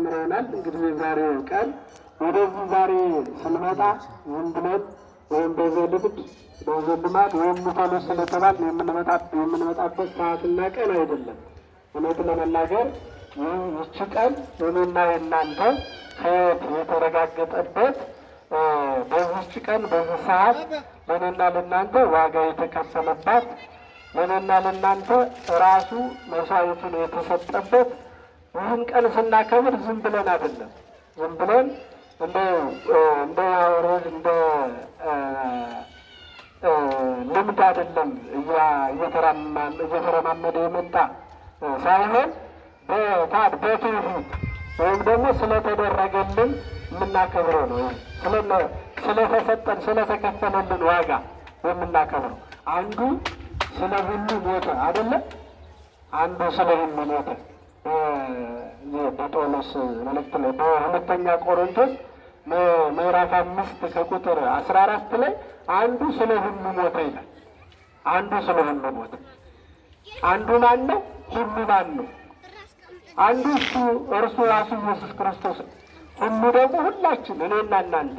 አስተምረውናል። እንግዲህ የዛሬው ቀን ወደዚህ ዛሬ ስንመጣ ዝም ብለን ወይም በዘልምድ በዘልማድ ወይም ሙታኖ ስለተባል የምንመጣበት ሰዓትና ቀን አይደለም። እውነት ለመናገር ይህች ቀን እኔና የእናንተ ከየት የተረጋገጠበት በዚች ቀን በዚህ ሰዓት ለእኔና ለእናንተ ዋጋ የተከፈለባት ለእኔና ለእናንተ ራሱ መስዋዕቱን የተሰጠበት ይህን ቀን ስናከብር ዝም ብለን አይደለም። ዝም ብለን እንደ እንደ ልምድ አይደለም እየተረማመደ የመጣ ሳይሆን በታድ በትውፊት ወይም ደግሞ ስለተደረገልን የምናከብረው ነው። ስለተሰጠን ስለተከፈለልን ዋጋ የምናከብረው አንዱ ስለ ሁሉ ሞተ አይደለም። አንዱ ስለ ሁሉ ሞተ የጳውሎስ መልእክት ላይ በሁለተኛ ቆሮንቶስ ምዕራፍ አምስት ከቁጥር አስራ አራት ላይ አንዱ ስለ ሁሉ ሞተ ይላል። አንዱ ስለ ሁሉ ሞተ። አንዱ ማን ነው? ሁሉ ማን ነው? አንዱ እሱ እርሱ ራሱ ኢየሱስ ክርስቶስ ነው። ሁሉ ደግሞ ሁላችን እኔና እናንተ።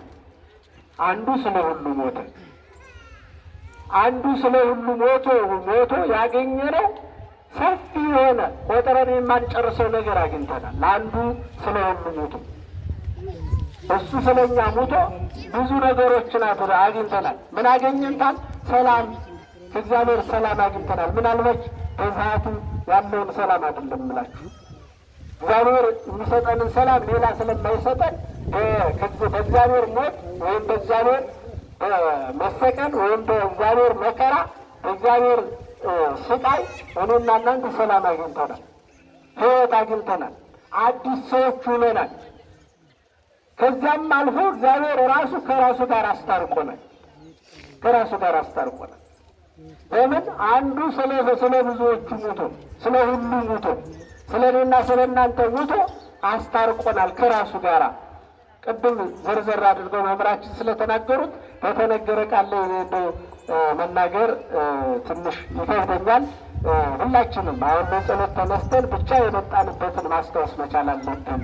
አንዱ ስለ ሁሉ ሞተ። አንዱ ስለ ሁሉ ሞቶ ሞቶ ያገኘ ነው ሰፊ የሆነ ቆጥረን የማንጨርሰው ነገር አግኝተናል። ለአንዱ ስለ ሁሉ ሙቶ እሱ ስለኛ ሙቶ ብዙ ነገሮችን አግኝተናል። ምን አገኘንታል? ሰላም፣ እግዚአብሔር ሰላም አግኝተናል። ምናልባች በሰዓቱ ያለውን ሰላም አይደለም ምላችሁ እግዚአብሔር የሚሰጠንን ሰላም ሌላ ስለማይሰጠን በእግዚአብሔር ሞት ወይም በእግዚአብሔር መሰቀል ወይም በእግዚአብሔር መከራ በእግዚአብሔር ስቃይ እኔና እናንተ ሰላም አግኝተናል፣ ህይወት አግኝተናል፣ አዲስ ሰዎች ሁነናል። ከዚያም አልፎ እግዚአብሔር ራሱ ከራሱ ጋር አስታርቆናል። ከራሱ ጋር አስታርቆናል። ለምን አንዱ ስለ ስለ ብዙዎቹ ሙቶ ስለ ሁሉ ሙቶ ስለ እኔና ስለ እናንተ ሙቶ አስታርቆናል ከራሱ ጋር። ቅድም ዘርዘር አድርገው መምራችን ስለተናገሩት በተነገረ ቃል መናገር ትንሽ ይከብደኛል። ሁላችንም አሁን በጸሎት ተነስተን ብቻ የመጣንበትን ማስታወስ መቻል አለብን።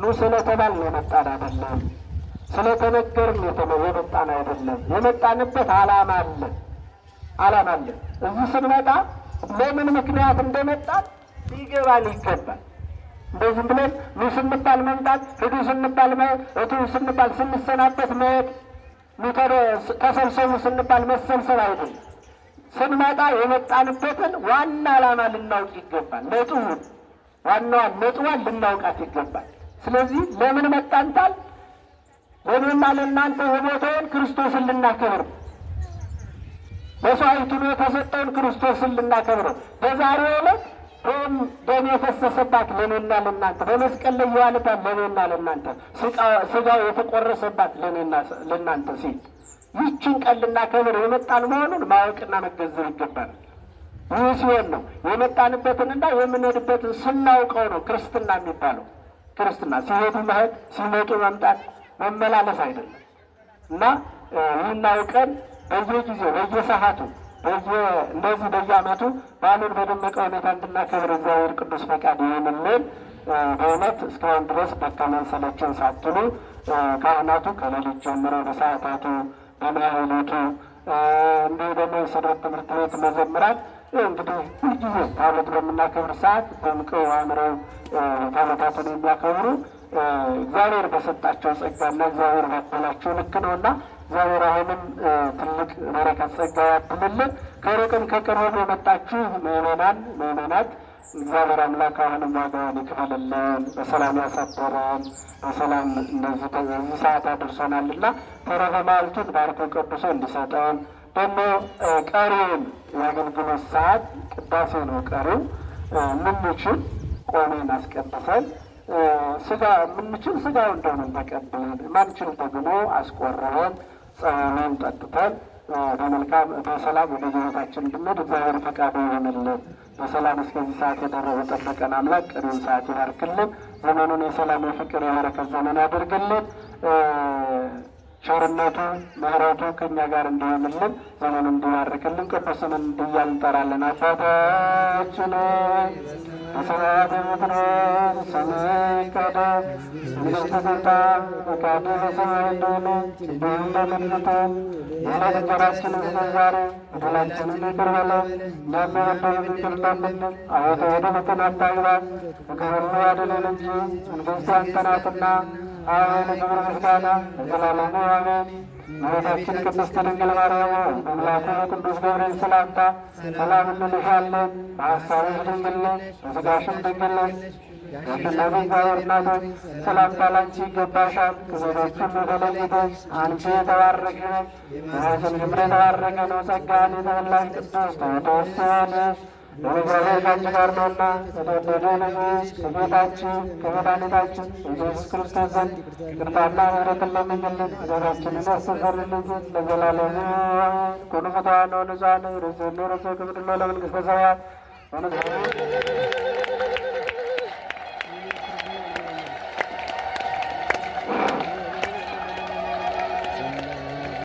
ኑ ስለተባልን የመጣን አይደለም፣ ስለተነገርን የመጣን አይደለም። የመጣንበት ዓላማ አለ ዓላማ አለ። እዚህ ስንመጣ ለምን ምክንያት እንደመጣን ሊገባን ይገባል። እንደዚህም ብለን ኑ ስንባል መምጣት፣ ሂዱ ስንባል መሄድ፣ እቱ ስንባል ስንሰናበት መሄድ ተሰብሰቡ ስንባል መሰብሰብ አይደለም። ስንመጣ የመጣንበትን ዋና ዓላማ ልናውቅ ይገባል። ነጥቡን ዋናዋን ነጥቧን ልናውቃት ይገባል። ስለዚህ ለምን መጣንታል? ለምንና ለእናንተ የሞተውን ክርስቶስን ልናከብር በሰዋዕትነት የተሰጠውን ክርስቶስን ልናከብር በዛሬው ዕለት ደም ደም የፈሰሰባት ለኔና ለእናንተ በመስቀል ላይ የዋለባት ለኔና ለእናንተ ስጋው የተቆረሰባት ለኔና ለእናንተ ሲል ይችን ቀን ልናከብር የመጣን መሆኑን ማወቅና መገንዘብ ይገባል። ይህ ሲሆን ነው የመጣንበትንና የምንሄድበትን ስናውቀው ነው ክርስትና የሚባለው። ክርስትና ሲሄዱ መሄድ ሲመጡ መምጣት መመላለስ አይደለም እና ይህን አውቀን በየጊዜው በየሰዓቱ እንደዚህ በየዓመቱ በዓሉን በደመቀ ሁኔታ እንድናከብር እግዚአብሔር ቅዱስ ፈቃድ ይሁንልን። በእውነት እስካሁን ድረስ ደከመን ሰለቸን ሳትሉ ካህናቱ ከሌሊት ጀምሮ በሰዓታቱ በማህሌቱ እንዲሁ ደግሞ የሰንበት ትምህርት ቤት መዘምራት እንግዲህ ሁልጊዜ ታቦት በምናከብር ሰዓት ደምቀ አምረው ታቦታትን የሚያከብሩ እግዚአብሔር በሰጣቸው ጸጋና እግዚአብሔር ባበላቸው ልክ ነውና እግዚአብሔር አሁንም ትልቅ በረከት ጸጋ ያብዛልን። ከሩቅም ከቅርብም የመጣችሁ ምእመናን ምእመናት እግዚአብሔር አምላክ አሁንም ዋጋውን ይክፈልልን፣ በሰላም ያሳደረን፣ በሰላም እንደዚህ ሰዓት አድርሶናል አድርሶናልና ተረፈ ማልቱን ባርኮ ቅዱሶ እንዲሰጠን ደግሞ ቀሪውን የአገልግሎት ሰዓት ቅዳሴ ነው ቀሪው የምንችል ቆሜን አስቀድሰን ስጋ የምንችል ስጋውን እንደሆነ ተቀብለን ማንችል ደግሞ አስቆረበን ፀሐይን ጠጥተን በመልካም በሰላም ወደ ህይወታችን እንድንሄድ እግዚአብሔር ፈቃዱ ይሆንልን። በሰላም እስከዚህ ሰዓት የደረሰ ጠበቀን አምላክ ቀሪውን ሰዓት ይባርክልን። ዘመኑን የሰላም የፍቅር የበረከት ዘመን ያደርግልን። ቸርነቱ ምሕረቱ ከእኛ ጋር እንዲሆንልን ዘመኑ እንዲባርክልን ቅዱስንም እንዲያል እንጠራለን። አባታችን በሰማያት የምትኖር ስምህ ይቀደስ፣ መንግስትህ ትምጣ፣ ፈቃድህ በሰማይ እንደሆነ እንዲሁም በምድር የዕለት እንጀራችንን ስጠን ዛሬ፣ በደላችንን ይቅር በለን ይቅር እንደምንል፣ አቤቱ ወደ ፈተና አታግባን፣ ከክፉ አድነን እንጂ መንግሥት ያንተ ናትና አሜን። ክብር ምስጋና ለዘላለሙ አሜን። እመቤታችን ቅድስት ድንግል ማርያም አምላኩ ቅዱስ ገብርኤል ሰላምታ ሰላም እንልሻለን። በሐሳብሽ ድንግል ነሽ፣ በሥጋሽም ድንግል ነሽ። የሽነቱ እግዚአብሔር እናቶች ሰላምታ ላንቺ ይገባሻል። ከሴቶች ሁሉ አንቺ የተባረክሽ ነሽ፣ በማኅፀንሽ ፍሬ የተባረከ ነው። ጸጋን የተመላሽ ቅድስት ተወዳሽ በመዝረታችን ጋርዶና የተወደደ ንጉሥ ከጌታችን ከመድኃኒታችን ኢየሱስ ክርስቶስ ዘንድ ይቅርታና ምሕረትን ለምኝልን ዞራችንን ያስተሰርልን ዘንድ ለዘላለሙ ኩሉ ፍትሐ ነው ንጹሐ ነው ርዝኑ ክብድሎ ለመንግሥተ ሰማያት